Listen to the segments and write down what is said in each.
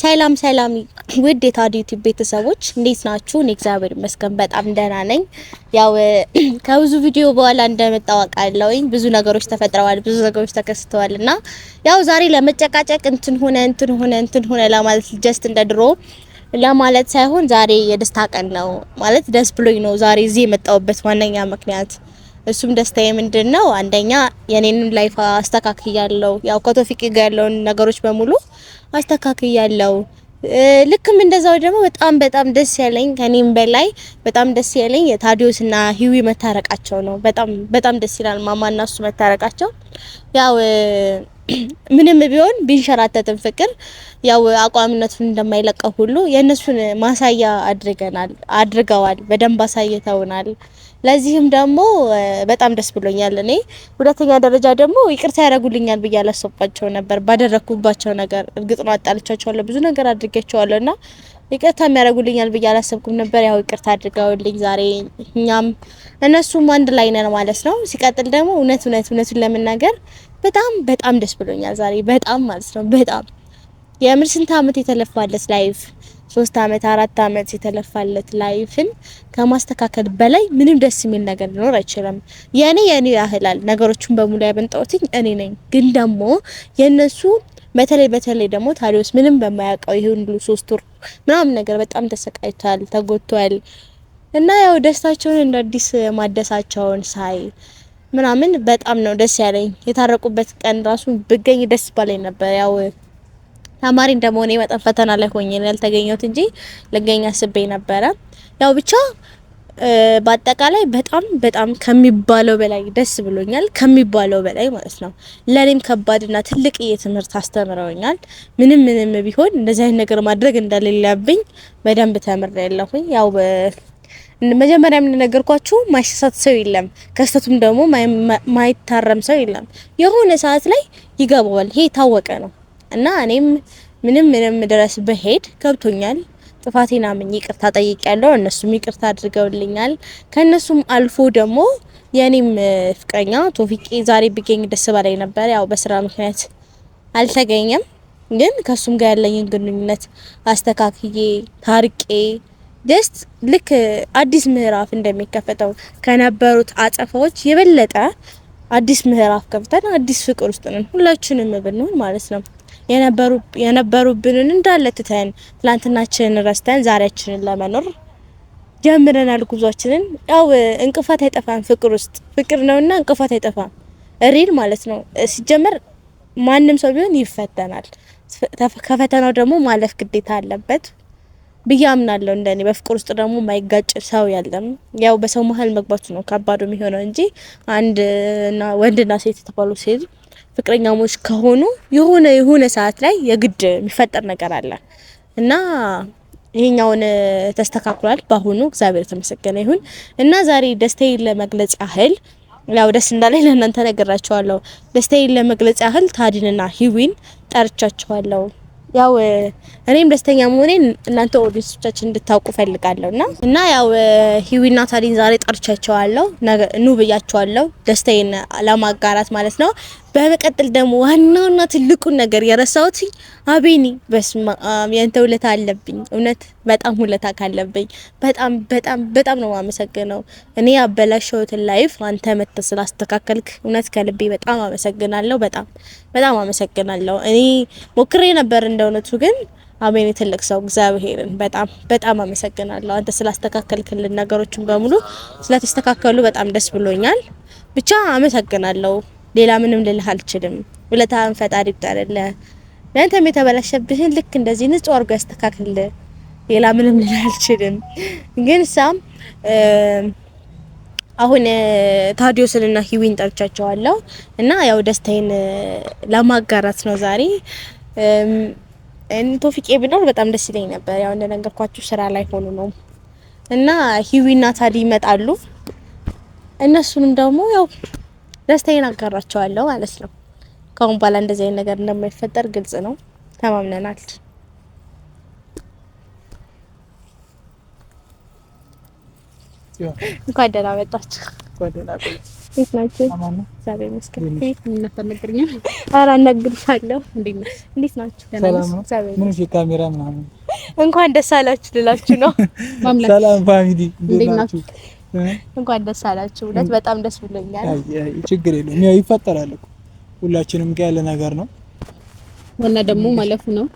ሰላም ሰላም ውድ የታዲ ዩቲዩብ ቤተሰቦች እንዴት ናችሁ? እኔ እግዚአብሔር ይመስገን በጣም ደህና ነኝ። ያው ከብዙ ቪዲዮ በኋላ እንደመጣሁ ብዙ ነገሮች ተፈጥረዋል፣ ብዙ ነገሮች ተከስተዋል እና ያው ዛሬ ለመጨቃጨቅ እንትን ሆነ እንትን ሆነ እንትን ሆነ ለማለት ጀስት እንደ ድሮ ለማለት ሳይሆን ዛሬ የደስታ ቀን ነው ማለት ደስ ብሎኝ ነው ዛሬ እዚህ የመጣውበት ዋነኛ ምክንያት እሱም ደስታዬ ምንድን ነው? አንደኛ የኔን ላይፍ አስተካክ ያለው ያው ከቶፊቅ ጋር ያለውን ነገሮች በሙሉ አስተካክ ያለው ልክም እንደዛው ደግሞ በጣም በጣም ደስ ያለኝ ከኔም በላይ በጣም ደስ ያለኝ የታዲዮስና ሂዊ መታረቃቸው ነው። በጣም በጣም ደስ ይላል። ማማና እሱ መታረቃቸው ያው ምንም ቢሆን ቢንሸራተትም ፍቅር ያው አቋምነቱን እንደማይለቀው ሁሉ የእነሱን ማሳያ አድርገናል አድርገዋል። በደንብ አሳይተውናል። ለዚህም ደግሞ በጣም ደስ ብሎኛል። እኔ ሁለተኛ ደረጃ ደግሞ ይቅርታ ያደርጉልኛል ብዬ አላሰባቸው ነበር ባደረግኩባቸው ነገር። እርግጥ ነው አጣልቻቸዋለሁ፣ ብዙ ነገር አድርጌቸዋለሁ እና ይቅርታ የሚያደርጉልኛል ብዬ አላሰብኩም ነበር። ያው ይቅርታ አድርገውልኝ ዛሬ እኛም እነሱም አንድ ላይ ነን ማለት ነው። ሲቀጥል ደግሞ እውነት እውነት እውነቱን ለመናገር በጣም በጣም ደስ ብሎኛል ዛሬ በጣም ማለት ነው። በጣም የምር ስንት አመት የተለፋለት ላይፍ ሶስት አመት አራት አመት የተለፋለት ላይፍን ከማስተካከል በላይ ምንም ደስ የሚል ነገር ሊኖር አይችልም። የኔ የኔ ያህላል ነገሮችን በሙሉ ያበንጣውትኝ እኔ ነኝ። ግን ደግሞ የነሱ በተለይ በተለይ ደግሞ ታዲዮስ ምንም በማያውቀው ይሄ ሁሉ ሶስት ወር ምናምን ነገር በጣም ተሰቃይቷል፣ ተጎድቷል እና ያው ደስታቸውን እንደ አዲስ ማደሳቸውን ሳይ ምናምን በጣም ነው ደስ ያለኝ። የታረቁበት ቀን ራሱ ብገኝ ደስ ባለኝ ነበር ያው ተማሪ እንደመሆነ መጠን ፈተና ላይ ሆኜ ነው ያልተገኘሁት እንጂ ልገኝ አስቤ ነበረ። ያው ብቻ በአጠቃላይ በጣም በጣም ከሚባለው በላይ ደስ ብሎኛል። ከሚባለው በላይ ማለት ነው። ለኔም ከባድና ትልቅ የትምህርት አስተምረውኛል። ምንም ምንም ቢሆን እንደዚህ አይነት ነገር ማድረግ እንደሌለብኝ በደንብ ተምሬያለሁኝ። ያው መጀመሪያም እንደነገርኳችሁ ማይሳሳት ሰው የለም፣ ከስተቱም ደግሞ ማይታረም ሰው የለም። የሆነ ሰዓት ላይ ይገባዋል። ይሄ የታወቀ ነው። እና እኔም ምንም ምንም ድረስ በሄድ ገብቶኛል። ጥፋቴን አምኜ ይቅርታ ጠይቄያለሁ። እነሱም ይቅርታ አድርገውልኛል። ከእነሱም አልፎ ደግሞ የኔም ፍቅረኛ ቶፊቄ ዛሬ ቢገኝ ደስ ባላይ ነበር። ያው በስራ ምክንያት አልተገኘም፣ ግን ከሱም ጋር ያለኝን ግንኙነት አስተካክዬ ታርቄ ደስ ልክ አዲስ ምዕራፍ እንደሚከፈተው ከነበሩት አጸፋዎች የበለጠ አዲስ ምዕራፍ ከፍተን አዲስ ፍቅር ውስጥ ነን ሁላችንም ብንሆን ማለት ነው። የነበሩብንን እንዳለ ትተን ትላንትናችንን ረስተን ዛሬያችንን ለመኖር ጀምረናል ጉዟችንን። ያው እንቅፋት አይጠፋም ፍቅር ውስጥ ፍቅር ነውና እንቅፋት አይጠፋም። ሪል ማለት ነው ሲጀመር ማንም ሰው ቢሆን ይፈተናል። ከፈተናው ደግሞ ማለፍ ግዴታ አለበት ብዬ አምናለሁ። እንደኔ በፍቅር ውስጥ ደግሞ የማይጋጭ ሰው የለም። ያው በሰው መሀል መግባቱ ነው ከባዱ የሚሆነው እንጂ አንድ ወንድና ሴት የተባሉ ሴት ፍቅረኛሞች ከሆኑ የሆነ የሆነ ሰዓት ላይ የግድ የሚፈጠር ነገር አለ እና ይሄኛውን ተስተካክሏል። በአሁኑ እግዚአብሔር የተመሰገነ ይሁን እና ዛሬ ደስታዬን ለመግለጽ ያህል ያው ደስ እንዳለኝ ለእናንተ ነግራቸዋለሁ። ደስታዬን ለመግለጽ ያህል ታዲንና ሂዊን ጠርቻቸዋለሁ። ያው እኔም ደስተኛ መሆኔን እናንተ ኦዲንሶቻችን እንድታውቁ ፈልጋለሁ እና እና ያው ሂዊና ታዲን ዛሬ ጠርቻቸዋለሁ፣ ኑ ብያቸዋለሁ፣ ደስታዬን ለማጋራት ማለት ነው። በመቀጠል ደግሞ ዋናውና ትልቁን ነገር የረሳሁት አቤኒ፣ በስመ አብ ያንተ ውለታ አለብኝ። እውነት በጣም ውለታ ካለብኝ በጣም በጣም በጣም ነው አመሰግነው። እኔ ያበላሸሁትን ላይፍ አንተ መጥተህ ስላስተካከልክ እውነት ከልቤ በጣም አመሰግናለሁ። በጣም በጣም አመሰግናለሁ። እኔ ሞክሬ ነበር እንደ እውነቱ ግን አሜን ትልቅ ሰው እግዚአብሔርን በጣም በጣም አመሰግናለሁ። አንተ ስላስተካከልክልን ነገሮችን በሙሉ ስለተስተካከሉ በጣም ደስ ብሎኛል። ብቻ አመሰግናለሁ። ሌላ ምንም ልልህ አልችልም። ውለታህን ፈጣሪ ይቁጠርልህ። ለአንተም የተበላሸብህን ልክ እንደዚህ ንጹህ አድርጎ ያስተካክልልህ። ሌላ ምንም ልልህ አልችልም። ግን ሳም አሁን ታዲዮስንና ሂዊን ጠርቻቸዋለሁ እና ያው ደስታዬን ለማጋራት ነው ዛሬ ቶፊቄ ብኖር በጣም ደስ ይለኝ ነበር። ያው እንደነገርኳችሁ ስራ ላይ ሆኑ ነው እና ሂዊና ታዲ ይመጣሉ። እነሱንም ደግሞ ያው ደስታዬን አጋራቸዋለሁ ማለት ነው። ከአሁን በኋላ እንደዚህ አይነት ነገር እንደማይፈጠር ግልጽ ነው፣ ተማምነናል። እንኳን ደህና መጣችሁ። እንዴት ናችሁ? እግዚአብሔር ይመስገን። ኧረ አናግርሻለሁ። እንዴት ናችሁ? ካሜራ ምናምን እንኳን ደስ አላችሁ ልላችሁ ነው። ሰላም ፋሚሊ፣ እንዴት ናችሁ? እንኳን ደስ አላችሁ። እውነት በጣም ደስ ብሎኛል። ችግር የለውም ያው ይፈጠራል እኮ ሁላችንም ጋር ያለ ነገር ነው። ዋና ደግሞ ማለፉ ነው።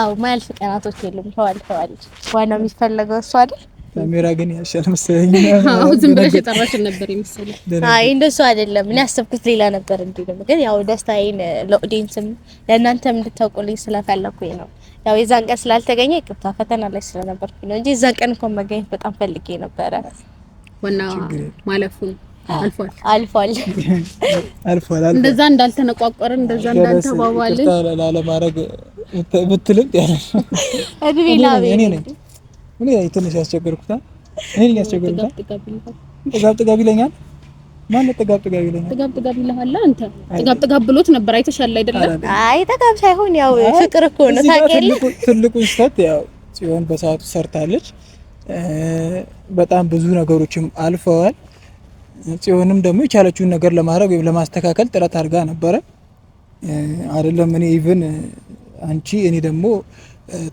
አዎ ማያልፍ ቀናቶች የሉም። ተዋልተዋል። ዋናው የሚፈለገው እሱ አይደል? ካሜራ ግን ያሻል መሰለኝ። አዎ ዝም ብለሽ የጠራችን ነበር የመሰለኝ። አይ እንደሱ አይደለም። እኔ ያሰብኩት ሌላ ነበር። እንዴ ነው ግን ያው ደስታዬን ለኦዲየንስም ለእናንተም እንድታውቁልኝ ስለፈለኩኝ ነው። ያው የዛን ቀን ስላልተገኘ ይቅርታ፣ ፈተና ላይ ስለነበርኩኝ ነው እንጂ የዛን ቀን እንኳን መገኘት በጣም ፈልጌ ነበረ። ዋና ማለፉን አልፏል አልፏል እንደዛ እንዳልተነቋቆርን እንደዛ እንዳልተባባልን ላለማድረግ ብትልም ያለ እድሜ ትንሽ ያስቸገርኩታ እኔ ያስቸገርኩታ ጥጋብ ጥጋብ ይለኛል። ማን ጥጋብ ጥጋብ ይለኛል? ጥጋብ ጥጋብ ይልሃል አንተ። ጥጋብ ጥጋብ ብሎት ነበር አይተሻል አይደለም? አይ ጥጋብ ሳይሆን ያው ፍቅር እኮ ነው ታውቂያለሽ። ትልቁ ስህተት ያው ጽዮን በሰዓቱ ሰርታለች በጣም ብዙ ነገሮችም አልፈዋል። ጽዮንም ደግሞ የቻለችውን ነገር ለማድረግ ወይም ለማስተካከል ጥረት አድርጋ ነበረ። አይደለም እኔ ኢቭን አንቺ እኔ ደግሞ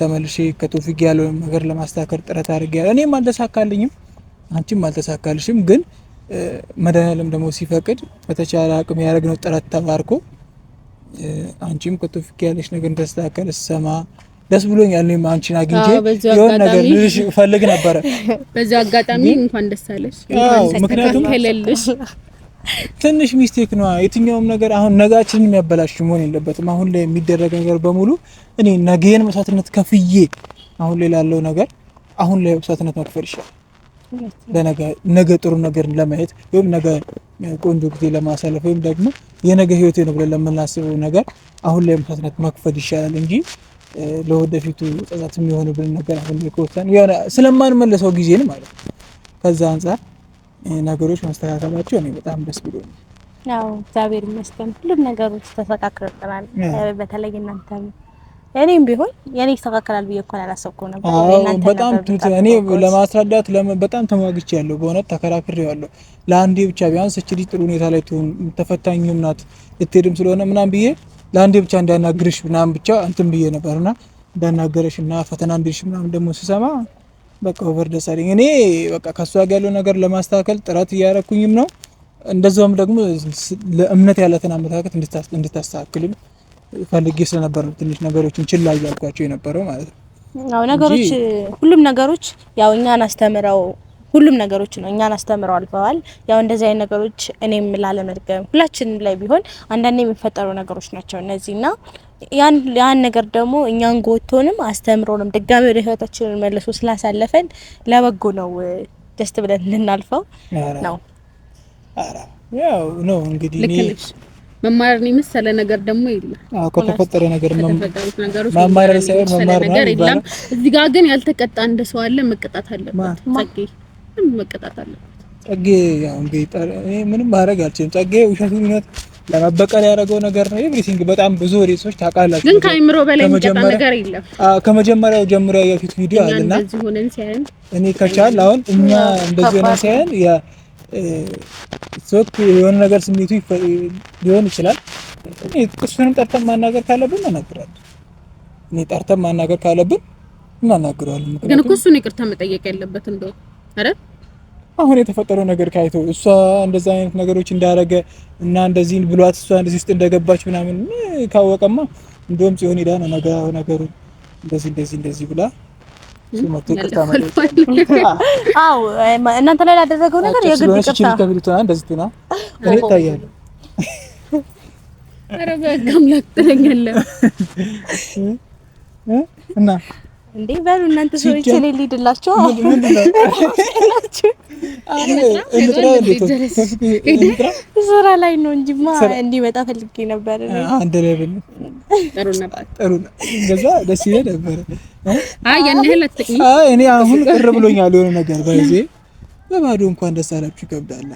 ተመልሼ ከቶፊቅ ያለውን ነገር ለማስተካከል ጥረት አድርጌ ያለ እኔም አልተሳካልኝም፣ አንቺም አልተሳካልሽም። ግን መድኃኒዓለም ደግሞ ሲፈቅድ በተቻለ አቅም ያደረግነው ጥረት ተባርኮ አንቺም ከቶፊቅ ያለሽ ነገር እንደተስተካከለ ስሰማ ደስ ብሎኛል። እኔም አንቺን አግኝቼ የሆነ ነገር ልልሽ ፈልግ ነበረ። በዚህ አጋጣሚ እንኳን ደስ አለሽ። ምክንያቱም ትንሽ ሚስቴክ ነው የትኛውም ነገር አሁን ነጋችንን የሚያበላሽ መሆን የለበትም። አሁን ላይ የሚደረግ ነገር በሙሉ እኔ ነገን መስዋዕትነት ከፍዬ አሁን ላይ ላለው ነገር አሁን ላይ መስዋዕትነት መክፈል ይሻላል። ለነገ ነገ ጥሩ ነገር ለማየት ወይም ነገ ቆንጆ ጊዜ ለማሳለፍ ወይም ደግሞ የነገ ህይወቴ ነው ብለን ለምናስበው ነገር አሁን ላይ መስዋዕትነት መክፈል ይሻላል እንጂ ለወደፊቱ ጸጸት የሚሆን ብለን ነበር ያፈልከውታን የሆነ ስለማንመለሰው ጊዜን ማለት ነው። ከዛ አንጻር ነገሮች መስተካከላቸው እኔ በጣም ደስ ብሎኛል። ያው እግዚአብሔር ይመስገን ሁሉም ነገሮች ተስተካክለውልናል። በተለይ እናንተ እኔም ቢሆን የኔ ይስተካከላል ብዬ እኮ አላሰብኩም ነበር። በጣም እኔ ለማስረዳት በጣም ተሟግቼ ያለው በእውነት ያለው ለአንዴ ብቻ ቢያንስ እቺ ጥሩ ሁኔታ ላይ ትሆን ተፈታኝም ናት ልትሄድም ስለሆነ ምናምን ብዬ ለአንዴ ብቻ እንዳናግርሽ ምናምን ብቻ እንትን ብዬ ነበርና እንዳናገረሽ እና ፈተና እንዲልሽ ምናምን ደግሞ ስሰማ በቃ ኦቨር ደስ አለኝ። እኔ በቃ ከእሷ ጋር ያለው ነገር ለማስተካከል ጥረት እያረኩኝም ነው። እንደዛውም ደግሞ ለእምነት ያላትን አመለካከት እንድታስተካክልም ፈልጌ ስለነበር ነው ትንሽ ነገሮችን ችላ እያልኳቸው የነበረው ማለት ነው። ነገሮች ሁሉም ነገሮች ያው እኛን አስተምረው ሁሉም ነገሮች ነው እኛን አስተምረው አልፈዋል። ያው እንደዚህ አይነት ነገሮች እኔም ላለመድገም ሁላችንም ላይ ቢሆን አንዳንድ የሚፈጠሩ ነገሮች ናቸው እነዚህና ያን ያን ነገር ደግሞ እኛን ጎቶንም አስተምሮንም ድጋሚ ወደ ህይወታችንን መልሶ ስላሳለፈን ለበጎ ነው ደስት ብለን ልናልፈው ነው። ያው ነው እንግዲህ ነው የመሰለ ነገር ደግሞ የለም። አዎ ከተፈጠረ ነገር መማር ሳይሆን መማር ነው። እዚህ ጋር ግን ያልተቀጣ እንደ ሰው አለ መቀጣት አለበት። ግን መቀጣት አለበት። ጸጌ ምንም ማድረግ አልችልም። ጸጌ ውሸቱን እውነት ለመበቀል ያደረገው ነገር ነው። ኤቭሪቲንግ በጣም ብዙ ሬሶች ታውቃላችሁ። ግን ከአይምሮ በላይ የሚቀጣ ነገር የለም። ከመጀመሪያው ጀምሮ የፊት ቪዲዮ አለና እኔ ከቻል አሁን እኛ እንደዚህ ሆነን ሲያየን ሶክ የሆነ ነገር ስሜቱ ሊሆን ይችላል። እሱንም ጠርተን ማናገር ካለብን እናናግራለን። እኔ ጠርተን ማናገር ካለብን እናናግረዋለን። ግን እኮ እሱን ይቅርታ መጠየቅ ያለበት እንደው አይደል አሁን የተፈጠረው ነገር ካይቶ እሷ እንደዛ አይነት ነገሮች እንዳደረገ እና እንደዚህ ብሏት እሷ እንደዚህ ውስጥ እንደገባች ምናምን ካወቀማ እንደውም ጽዮን ሄዳ ነው ነገ ነገሩ እንደዚህ እንደዚህ እንደዚህ ብላ እናንተ ላይ ላደረገው ነገር የግድ ይቅርታ ከፊልቱና እንደዚህ ቱና እኔ ይታያል። ኧረ በህግ አምላክ ትለኛለህ እና እንዴ በሉ እናንተ ሰዎች እኔ ልሂድላችሁ። ስራ ላይ ነው እንጂማ እንዲመጣ ፈልጌ ነበር። አንድ ላይ ብን ጥሩ ነበር፣ ጥሩ ደስ ይለኝ ነበር። አይ ያን ያህል አይ እኔ አሁን ቅር ብሎኛል የሆነ ነገር ባይዜ በባዶ እንኳን ደስ አላችሁ ይከብዳል።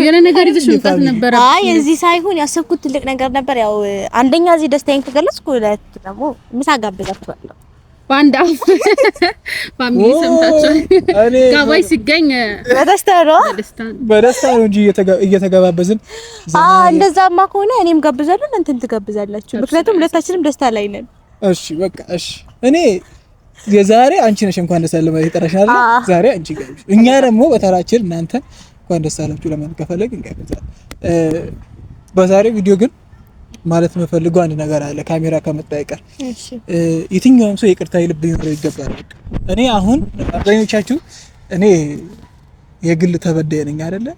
የሆነ ነገር ይዘሽ መምጣት ነበር። አይ እዚህ ሳይሆን ያሰብኩት ትልቅ ነገር ነበር። ያው አንደኛ እዚህ ደስታዬን ከገለጽኩ፣ ሁለት ደግሞ ምሳ ጋብዛችኋለሁ በአንድ አፍ ፋሚሊ ሰምታችኋል። ጋባይ ሲገኝ በደስታ ነው በደስታ ነው እንጂ እየተገባበዝን። እንደዛማ ከሆነ እኔም ጋብዛለሁ እናንተም ትጋብዛላችሁ። ምክንያቱም ሁለታችንም ደስታ ላይ ነን። እሺ በቃ እሺ። እኔ የዛሬ አንቺ ነሽ እንኳን ደስ አለ ዛሬ አንቺ እኛ ደግሞ በተራችን እናንተ እንኳን ደስ አላችሁ ለማለት እንጋብዛለን። በዛሬ ቪዲዮ ግን ማለት የምፈልገው አንድ ነገር አለ። ካሜራ ከመጣ ይቀር የትኛውም ሰው ይቅርታ ይልብ ሊኖረው ይገባል። እኔ አሁን አብዛኞቻችሁ እኔ የግል ተበዳይ ነኝ አይደለ?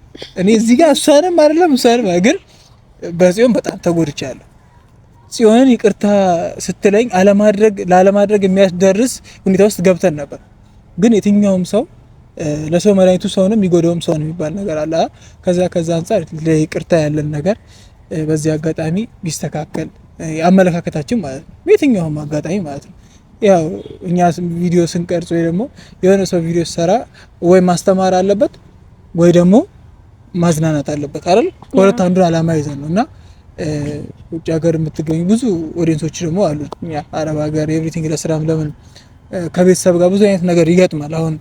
እኔ እዚህ ጋር እሷንም አይደለም እሷንም ግን በጽዮን በጣም ተጎድቻለሁ። ጽዮንን ይቅርታ ስትለኝ አለማድረግ ላለማድረግ የሚያስደርስ ሁኔታ ውስጥ ገብተን ነበር። ግን የትኛውም ሰው ለሰው መድኃኒቱ ሰውንም ነው የሚጎዳውም ሰው የሚባል ነገር አለ። ከዛ ከዛ አንጻር ለይቅርታ ያለን ነገር በዚህ አጋጣሚ ቢስተካከል አመለካከታችን ማለት ነው። በየትኛውም አጋጣሚ ማለት ነው። ያው እኛ ቪዲዮ ስንቀርጽ ወይ ደግሞ የሆነ ሰው ቪዲዮ ሰራ ወይ ማስተማር አለበት ወይ ደግሞ ማዝናናት አለበት አይደል? ከሁለት አንዱን አላማ ይዘን ነው እና ውጭ ሀገር የምትገኙ ብዙ ኦዲየንሶች ደግሞ አሉ። አረብ ሀገር ኤቭሪቲንግ ለስራም ለምን ከቤተሰብ ጋር ብዙ አይነት ነገር ይገጥማል። አሁን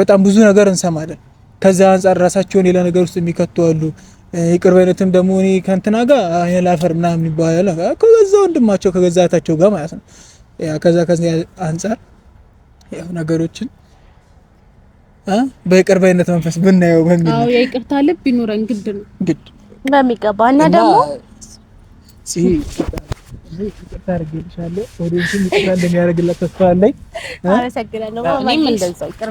በጣም ብዙ ነገር እንሰማለን። ከዚያ አንጻር ራሳቸውን ሌላ ነገር ውስጥ የሚከቱ አሉ። ይቅር በይነትም ደግሞ እኔ ከእንትና ጋር አይነ ላፈር ምናምን ይባላል ከገዛ ወንድማቸው ከገዛ እህታቸው ጋር ማለት ነው። ከዛ ከዚህ አንጻር ያው ነገሮችን በይቅር በይነት መንፈስ ብናየው በሚል ነው። የይቅርታ ልብ ይኑረን፣ ግድ ነው ግድ በሚገባ እና ደግሞ ይቅርታ አድርጌልሻለሁ። ይቅርታ እንደሚያደርግላት ተስፋ አለኝ። አመሰግናለሁ። እኔም እንደዛው ይቅር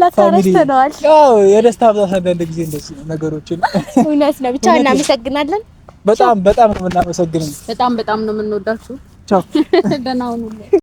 ላታረስተነዋል። የደስታ ብዛት አንዳንድ ጊዜ እንደዚህ ነገሮችን እውነት ነው። ብቻ እናመሰግናለን። በጣም በጣም ነው የምናመሰግነው። በጣም በጣም ነው የምንወዳችሁ። ቻው፣ ደህና ሁኑ።